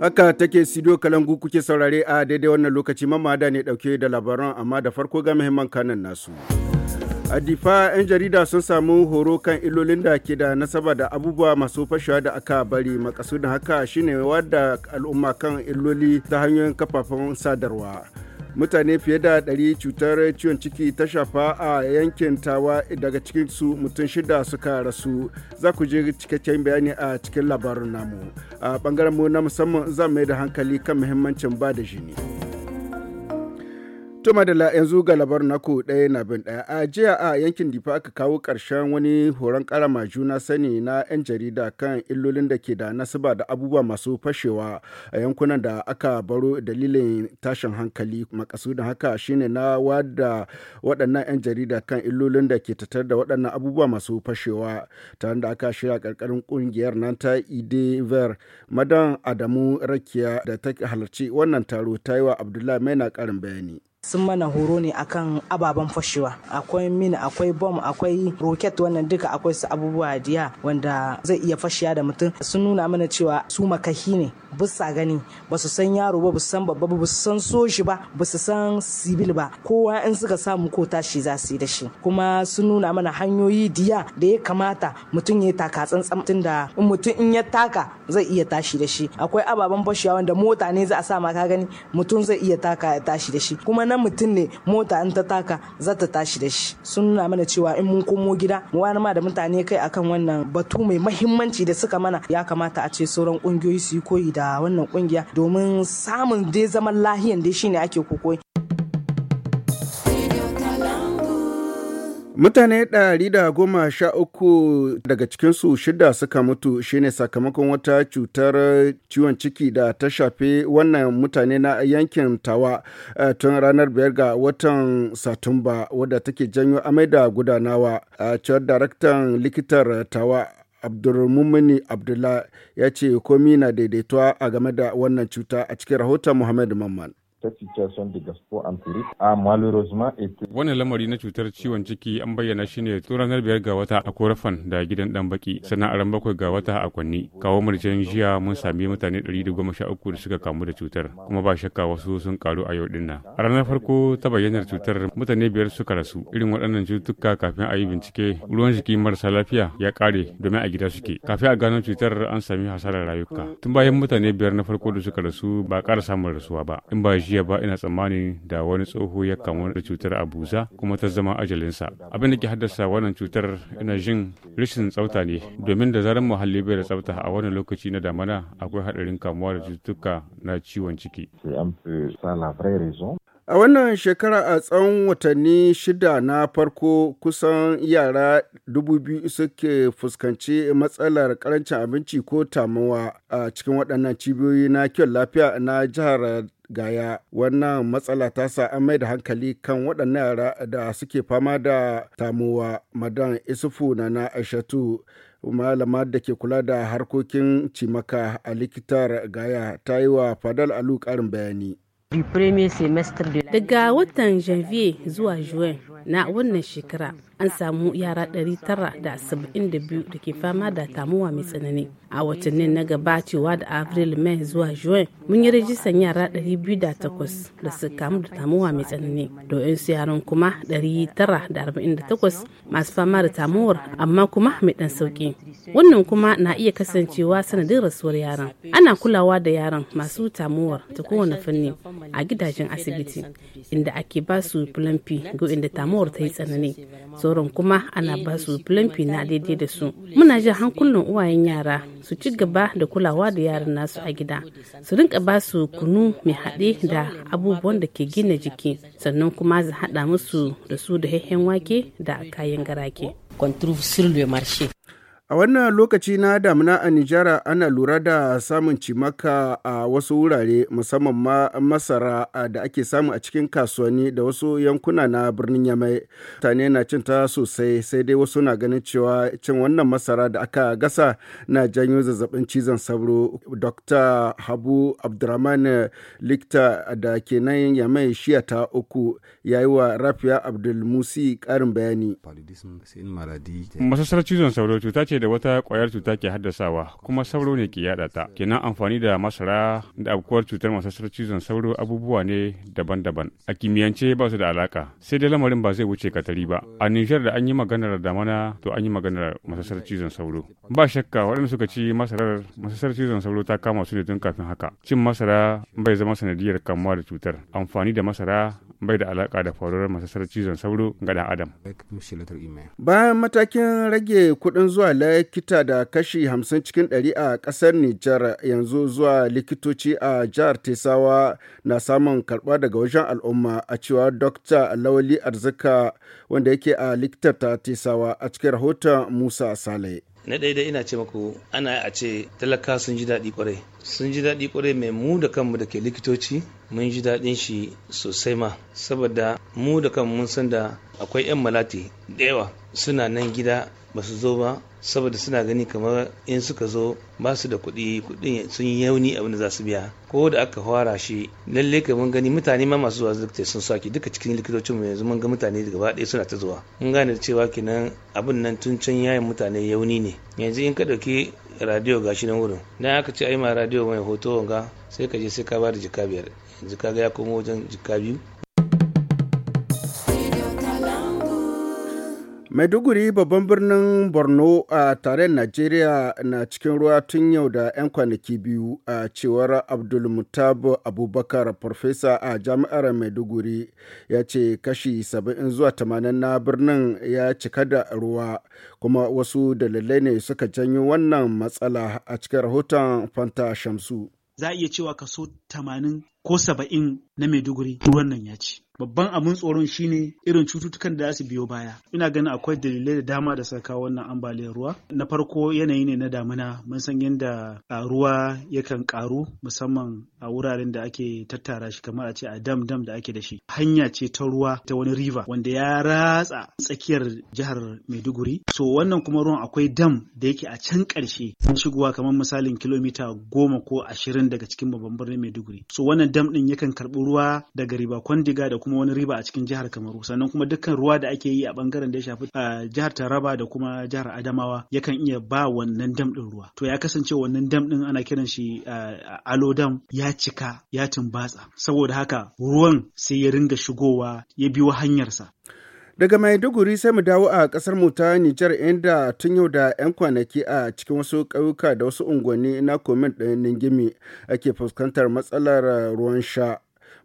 Haka take Sido Kalangu kuke saurare a daidai wannan lokaci mamada ne dauke da labaran amma da farko ga muhimman kanan nasu. A difa 'yan jarida sun samu horo kan illolin da ke da nasaba da abubuwa masu fashewa da aka bari makasudin haka shine wadda al'umma kan illoli ta hanyoyin kafafen sadarwa. mutane fiye da 100 cutar ciwon ciki ta shafa a yankin tawa daga cikin su mutum shida suka rasu za ku je cikakken bayani a cikin labarin namu a bangaren mu na musamman za mai da hankali kan muhimmancin ba da jini. Tuma da yanzu ga labar naku ɗaya na bin ɗaya a jiya a yankin Difa aka kawo ƙarshen wani horon ƙarama juna sani na 'yan jarida kan illolin da ke da nasaba da abubuwa masu fashewa a yankunan da aka baro dalilin tashin hankali makasudin haka shine na wada waɗannan 'yan jarida kan illolin da ke tattar da waɗannan abubuwa masu fashewa tare da aka shirya ƙarƙarin ƙungiyar nan ta Idever Madan Adamu Rakiya da ta halarci wannan taro ta yi wa Abdullahi Maina ƙarin bayani. sun mana horo ne akan ababen fashewa akwai min akwai bom akwai roket wannan duka akwai su abubuwa diya wanda zai iya fashiya da mutum sun nuna mana cewa su makahi ne bisa gani ba su san yaro ba san babba ba su san soshi ba ba su san sibil ba kowa in suka samu ko tashi za su yi da shi kuma sun nuna mana hanyoyi diya da ya kamata mutum ya taka tsantsan tun da in mutum in ya taka zai iya tashi da shi akwai ababen fashewa wanda mota ne za a sa ma ka gani mutum zai iya taka ya tashi da shi kuma nan mutum ne mota in ta taka za ta tashi da shi sun nuna mana cewa in mun komo gida mu wani ma da mutane kai akan wannan batu mai mahimmanci da suka mana ya kamata a ce sauran kungiyoyi su yi koyi da wannan kungiya domin samun dai zaman lahiyan dai shine ake koko. Mutane ɗari da goma sha uku daga cikinsu shida suka mutu shine sakamakon wata cutar ciwon ciki da ta shafi wannan mutane na yankin tawa eh, tun ranar biyar ga watan Satumba wadda take janyo amai da gudanawa. A cewar daraktan likitar tawa Abdulmumini Abdullah ya ce komi na daidaituwa a game da wannan cuta a cikin rahoton Muhammadu Mamman. cette situation de a Wannan lamari na cutar ciwon ciki an bayyana shi ne tun ranar biyar ga wata a korafan da gidan dan baki sana'ar bakwai ga wata a kwanni. Kawo murjan jiya mun sami mutane 113 da suka kamu da cutar kuma ba shakka wasu sun karu a yau din nan. A ranar farko ta bayyanar cutar mutane biyar suka rasu irin waɗannan cututtuka kafin a yi bincike ruwan jiki marasa lafiya ya kare domin a gida suke. Kafin a gano cutar an sami hasarar rayuka. Tun bayan mutane biyar na farko da suka rasu ba ƙara samun rasuwa ba. In ba jiya ba ina tsammani da wani tsoho ya kamu da cutar abuza kuma ta zama ajalinsa abin da ke haddasa wannan cutar ina jin rashin tsafta ne domin da zarar muhalli bai da tsafta a wannan lokaci na damana akwai haɗarin kamuwa da cututtuka na ciwon ciki A wannan shekara a tsawon watanni shida na farko kusan yara dubu biyu suke fuskanci matsalar karancin abinci ko tamuwa a cikin waɗannan cibiyoyi na kyau lafiya na jihar gaya wannan matsala ta sa an mai da hankali kan waɗannan yara da suke fama da tamuwa madan isufu na na aishatu malama da ke kula da harkokin cimaka a likitar gaya ta yi wa fadal alu ƙarin bayani Daga watan Janvier zuwa Juin na wannan shekara an samu yara 972 da ke fama da tamuwa mai tsanani. A watannin na gabacewa da Avril Mai zuwa Juin mun yi rajistan yara 208 da su kamu da tamuwa mai tsanani. Doyin su yaran kuma 948 masu fama da tamuwar amma kuma mai dan sauki. Wannan kuma na iya kasancewa sanadin rasuwar yaran. Ana kulawa da yaran masu tamuwar ta kowane fanni. a gidajen asibiti inda ake ba su plumpy ga inda tamuwar ta yi tsanani sauran kuma ana ba su plumpy na daidai da su muna jin hankulan uwayen yara su ci gaba da kulawa da yaran nasu a gida su rinka ba su kunu mai haɗe da abubuwan da ke gina jiki sannan kuma su haɗa musu da su da hehen wake da kayan garake. A wannan lokaci na damina a Nijar ana lura da samun cimaka a wasu wurare musamman ma masara da ake samu a cikin kasuwanni da wasu yankuna na birnin Yamai. Mutane na cin ta sosai sai dai wasu na ganin cewa cin wannan masara da aka gasa na janyo zazzabin cizon sauro. Dr. Habu Abdurrahman Likta da ke nan Yamai shiya ta uku ya yi wa Rafiya Abdulmusi ƙarin bayani. Masasar cizon sauro cuta ce da wata kwayar cuta ke haddasawa kuma sauro ne ke yada ta kenan amfani da masara da abkuwar cutar masasar cizon sauro abubuwa ne daban-daban a kimiyyance ba su da alaka sai dai lamarin ba zai wuce katari ba a nijar da an yi maganar damana to an yi maganar masasar cizon sauro ba shakka waɗanda suka ci masarar masasar cizon sauro ta kama su ne tun kafin haka cin masara bai zama sanadiyar kamuwa da cutar amfani da masara bai da alaka da faruwar masasar cizon sauro ga dan adam. Bayan matakin rage kuɗin zuwa likita da kashi hamsin cikin 100 a ƙasar Nijar yanzu zuwa likitoci a jihar Tesawa na samun karɓa daga wajen al'umma a cewa Dr. Lawali Arzika wanda yake a likitar ta Tesawa a cikin rahoton Musa Sale. Na ɗaya ina ce maku ana a ce talaka sun ji daɗi kwarai sun ji daɗi ƙwarai mai mu da kanmu da ke likitoci mun ji daɗin shi sosai ma saboda mu da kanmu mun san da akwai 'yan malati da yawa suna nan gida ba su zo ba saboda suna gani kamar in suka zo ba su da kuɗi kuɗin sun yi yauni abin da za su biya ko da aka fara shi lalle ka mun gani mutane ma masu zuwa likita sun saki duka cikin likitocin mu yanzu mun ga mutane gaba ɗaya suna ta zuwa mun gane cewa kenan abin nan tun can yayin mutane yauni ne yanzu in ka ɗauki radio shi nan wurin dan aka ce ai ma radio mai hoto wanga sai ka je sai ka da jika biyar yanzu kaga ya komo wajen jika biyu maiduguri babban birnin borno a tarayyar najeriya na cikin ruwa tun yau da 'yan kwanaki biyu a cewar abdulmutab abubakar farfesa a jami'ar maiduguri ya ce kashi 70 zuwa 80 na birnin ya cika da ruwa kuma wasu dalilai ne suka janyo wannan matsala a cikin rahoton fanta shamsu za a iya cewa kaso 80 ko 70 na Maiduguri ruwan nan ya ci. Babban abin tsoron shine irin cututtukan da za su biyo baya. Ina ganin akwai dalilai da dama da saka wannan ambaliyar ruwa. Na farko yanayi ne na damina mun san yadda ruwa yakan karu musamman a wuraren da ake tattara shi kamar a ce a dam dam da ake da shi. Hanya ce ta ruwa ta wani river wanda ya ratsa tsakiyar jihar Maiduguri. So wannan kuma ruwan akwai dam da yake a can ƙarshe sun shigowa kamar misalin kilomita goma ko ashirin daga cikin babban birnin Maiduguri. So wannan dam ɗin yakan karɓi ruwa daga riba kwandiga da kuma wani riba a cikin jihar kamaru sannan kuma dukkan ruwa da ake yi a bangaren da ya shafi jihar taraba da kuma jihar adamawa yakan iya ba wannan dam din ruwa to ya kasance wannan dam din ana kiran shi alo dam ya cika ya tumbatsa saboda haka ruwan sai ya ringa shigowa ya biyo hanyarsa daga maiduguri sai mu dawo a kasar mu ta nijar inda tun yau da 'yan kwanaki a cikin wasu ƙauyuka da wasu unguwanni na komin ɗin ningimi ake fuskantar matsalar eh, ruwan sha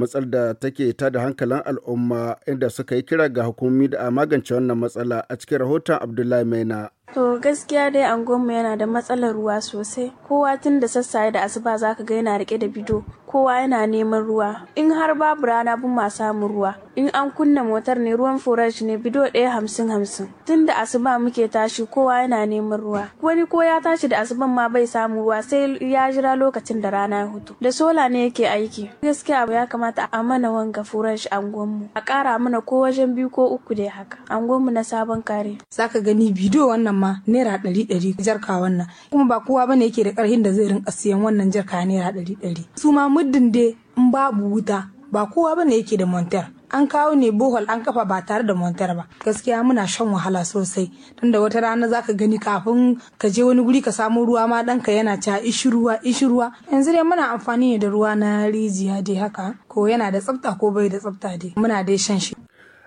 matsal da take ta da hankalin al'umma inda suka yi kira ga hukumomi da a magance wannan matsala a cikin rahoton abdullahi maina To gaskiya dai angonmu yana da matsalar ruwa sosai. Kowa tun da sassaye da asuba za ka ga yana rike da bido. Kowa yana neman ruwa. In har babu rana bin ma samun ruwa. In an kunna motar ne ruwan forage ne bido ɗaya hamsin hamsin. Tun da asuba muke tashi kowa yana neman ruwa. Wani ko ya tashi da asuban ma bai samu ruwa sai ya jira lokacin da rana ya hutu. Da sola ne yake aiki. Gaskiya ya kamata a mana wanga forage angonmu. A ƙara mana ko wajen biyu ko uku dai haka. Angonmu na sabon kare. Za ka gani bido wannan ma naira ɗari ɗari jarka wannan kuma ba kowa bane yake da ƙarhin da zai rinka siyan wannan jarka naira ɗari ɗari su ma muddin dai in babu wuta ba kowa bane yake da montar an kawo ne bohol an kafa ba tare da montar ba gaskiya muna shan wahala sosai tunda wata rana zaka gani kafin ka je wani guri ka samu ruwa ma ɗanka yana ca ishi ruwa ishi ruwa yanzu dai muna amfani da ruwa na rijiya dai haka ko yana da tsafta ko bai da tsafta dai muna dai shan shi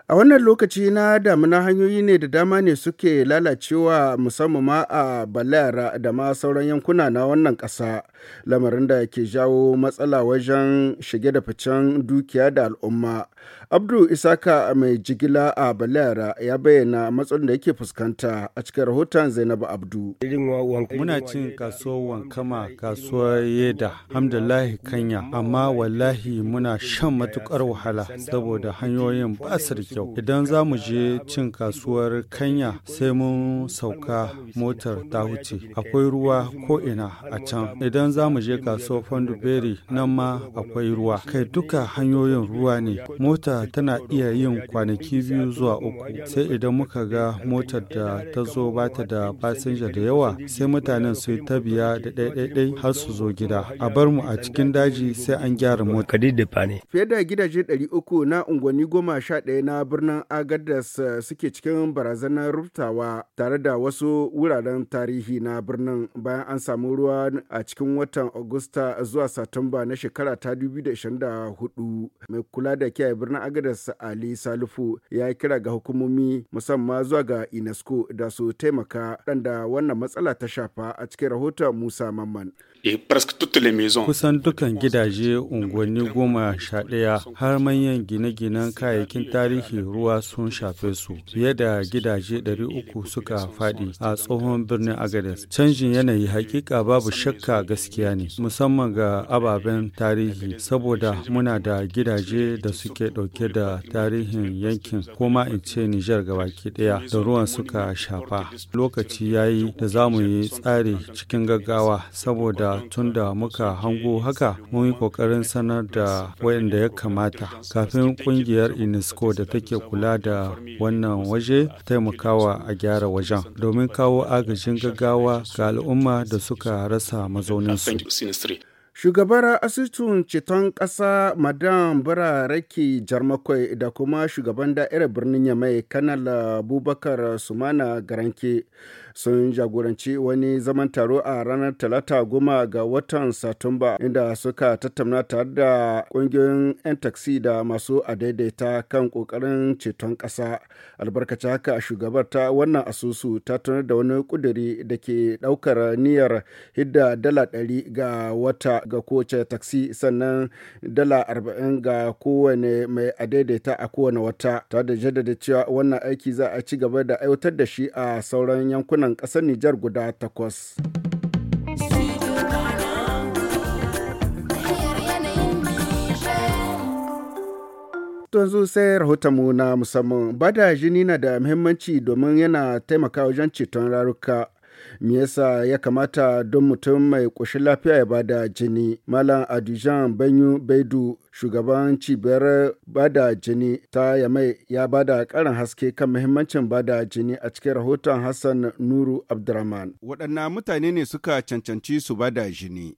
A wannan lokaci na damuna hanyoyi ne da dama ne suke lalacewa musamman ma a Balayara da ma sauran yankuna na wannan ƙasa. lamarin da ke jawo matsala wajen shige da ficen dukiya da al'umma abdu isaka mai jigila a balara ya bayyana matsalolin da yake fuskanta a cikin rahoton zainabu abdu muna cin kasuwar wankama kasuwar yeda hamdalahi kanya amma wallahi muna shan matukar wahala saboda hanyoyin ba su da kyau idan za mu je cin kasuwar kanya sai mun sauka motar ta wuce akwai ruwa ko ina a can idan za mu je kasuwar fanduberi nan ma akwai ruwa kai duka hanyoyin ruwa ne mota tana iya yin kwanaki biyu zuwa uku sai idan muka ga motar da ta zo ba ta da fasinja da yawa sai mutanen su yi ta biya da ɗaiɗaiɗai har su zo gida a bar mu a cikin daji sai an gyara mota fiye da gidaje 300 na unguwanni goma sha ɗaya na birnin agadas eh, suke cikin barazanar rubtawa tare da wasu wuraren tarihi na birnin bayan an samu ruwa a cikin watan Agusta zuwa Satumba na shekara ta 2024. Mai kula da kiyaye birnin Agadas Ali Salifu ya kira ga hukumomi musamman zuwa ga UNESCO da su taimaka da wannan matsala ta shafa a cikin rahoton Musa Mamman. Eh, Kusan dukan gidaje unguwanni goma sha ɗaya har manyan gine-ginen kayayyakin tarihi ruwa sun shafe su fiye da gidaje 300 suka faɗi a tsohon birnin Agadez. Canjin yanayi hakika babu shakka ga gaskiya ne musamman ga ababen tarihi saboda muna da gidaje da suke dauke da tarihin yankin koma in ce Nijar gabaki daya da ruwan suka shafa lokaci ya yi da za mu yi tsari cikin gaggawa saboda tun da muka hango haka mun yi kokarin sanar da waɗanda ya kamata kafin kungiyar UNESCO da take kula da wannan waje taimakawa a gyara wajen domin kawo agajin gaggawa ga al'umma da suka rasa mazauni na frente do Shugabar asusun Ceton Ƙasa Madam Bararake Jarmakwai da kuma shugaban da'irar birnin Yamai Kanal Abubakar Sumana Garanke sun jagoranci wani zaman taro a ranar Talata goma ga watan Satumba inda suka tattauna tare da ƙungiyoyin 'yan taksi da masu adaidaita kan ƙoƙarin ceton ƙasa. Albarkaci haka shugabar ta wannan asusu ta tunar da wani ƙuduri da ke ɗaukar niyyar hidda dala ɗari ga wata ga kowace taksi sannan dala arba'in ga kowane mai adaidaita a kowane wata ta da jaddada cewa wannan aiki za a ci gaba da aiwatar da shi a sauran yankunan ƙasar Nijar guda takwas. yanzu sai mu na musamman bada jini na da muhimmanci domin yana taimaka wajen ceton raruka me yasa ya kamata don mutum mai ƙoshin lafiya ya bada jini malam adujan banyu baidu shugaban cibiyar bada jini ta yamai ya bada karin haske kan muhimmancin bada jini a cikin rahoton hassan nuru abdurrahman waɗanna mutane ne suka cancanci su bada jini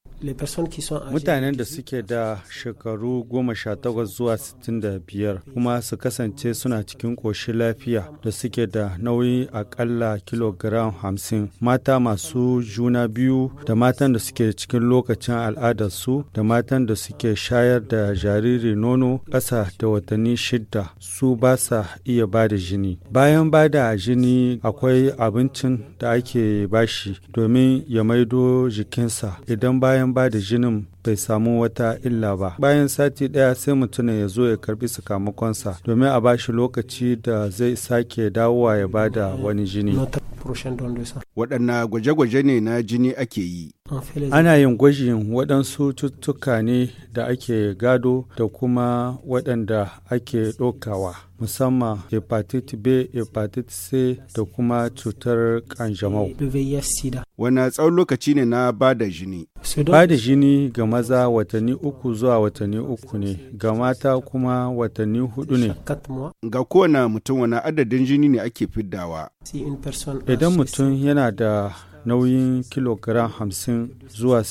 mutanen da suke da shekaru goma sha takwas zuwa sittin da biyar kuma su kasance suna cikin ƙoshin lafiya da suke da nauyi akalla kilogram hamsin mata masu juna biyu da matan da suke cikin lokacin al'adarsu da matan da suke shayar da jariri nono ƙasa da watanni shidda su ba sa iya ba da jini. Bayan ba da jini akwai abincin da ake bashi domin ya maido jikinsa idan bayan ba da jinin bai samu wata illa ba. Bayan sati ɗaya sai mutum ya zo ya karbi sakamakonsa domin a bashi lokaci da zai sake dawowa ya ba da wani jini. Waɗanne gwaje-gwaje ne na jini ake yi? Ana yin gwajin waɗansu cututtuka ne da ake gado da kuma waɗanda ake ɗaukawa, musamman hepatitis B, hepatitis C da kuma cutar kanjamau. E wani tsawon lokaci ne na ba da jini? Ba jini ga maza watanni uku zuwa watanni uku ne, ga mata kuma watanni hudu ne. Ga kowane mutum wani adadin jini ne ake fiddawa? Idan mutum yana da nauyin kilogram hamsin zuwa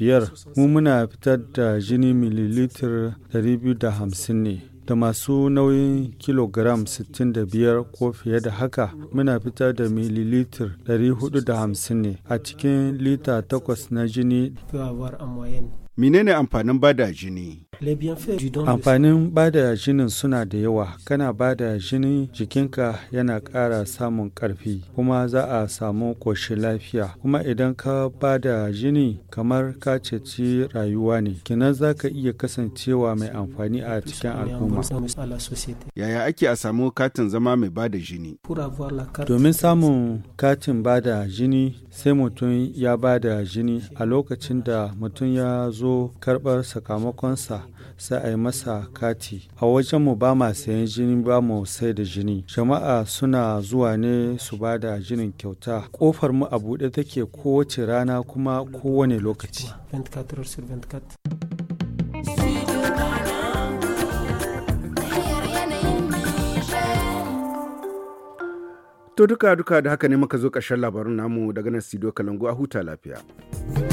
biyar mu muna fitar da jini mililitar 250 ne da masu nauyin kilogram 65 ko fiye da haka muna fitar da mililitar 450 ne a cikin lita 8 na jini Menene amfanin bada jini? Amfanin bada jinin suna da yawa, kana bada jini jikinka yana ƙara samun ƙarfi kuma za a samu ƙoshin lafiya. Kuma idan ka bada jini kamar ka ceci rayuwa ne, kenan za ka iya kasancewa mai amfani a cikin al'umma. Yaya ake a samu katin zama mai bada jini? Domin samun katin bada jini sai mutum ya bada jini a lokacin da mutum ya zo zo karɓar sakamakonsa sai a yi masa kati a wajen mu ba ma sayan jini ba mu sai da jini jama'a suna zuwa ne su ba da jinin kyauta kofar mu a buɗe take kowace rana kuma kowane lokaci To duka duka da haka ne muka zo ƙarshen labarun namu daga nan Sido Kalangu a huta lafiya.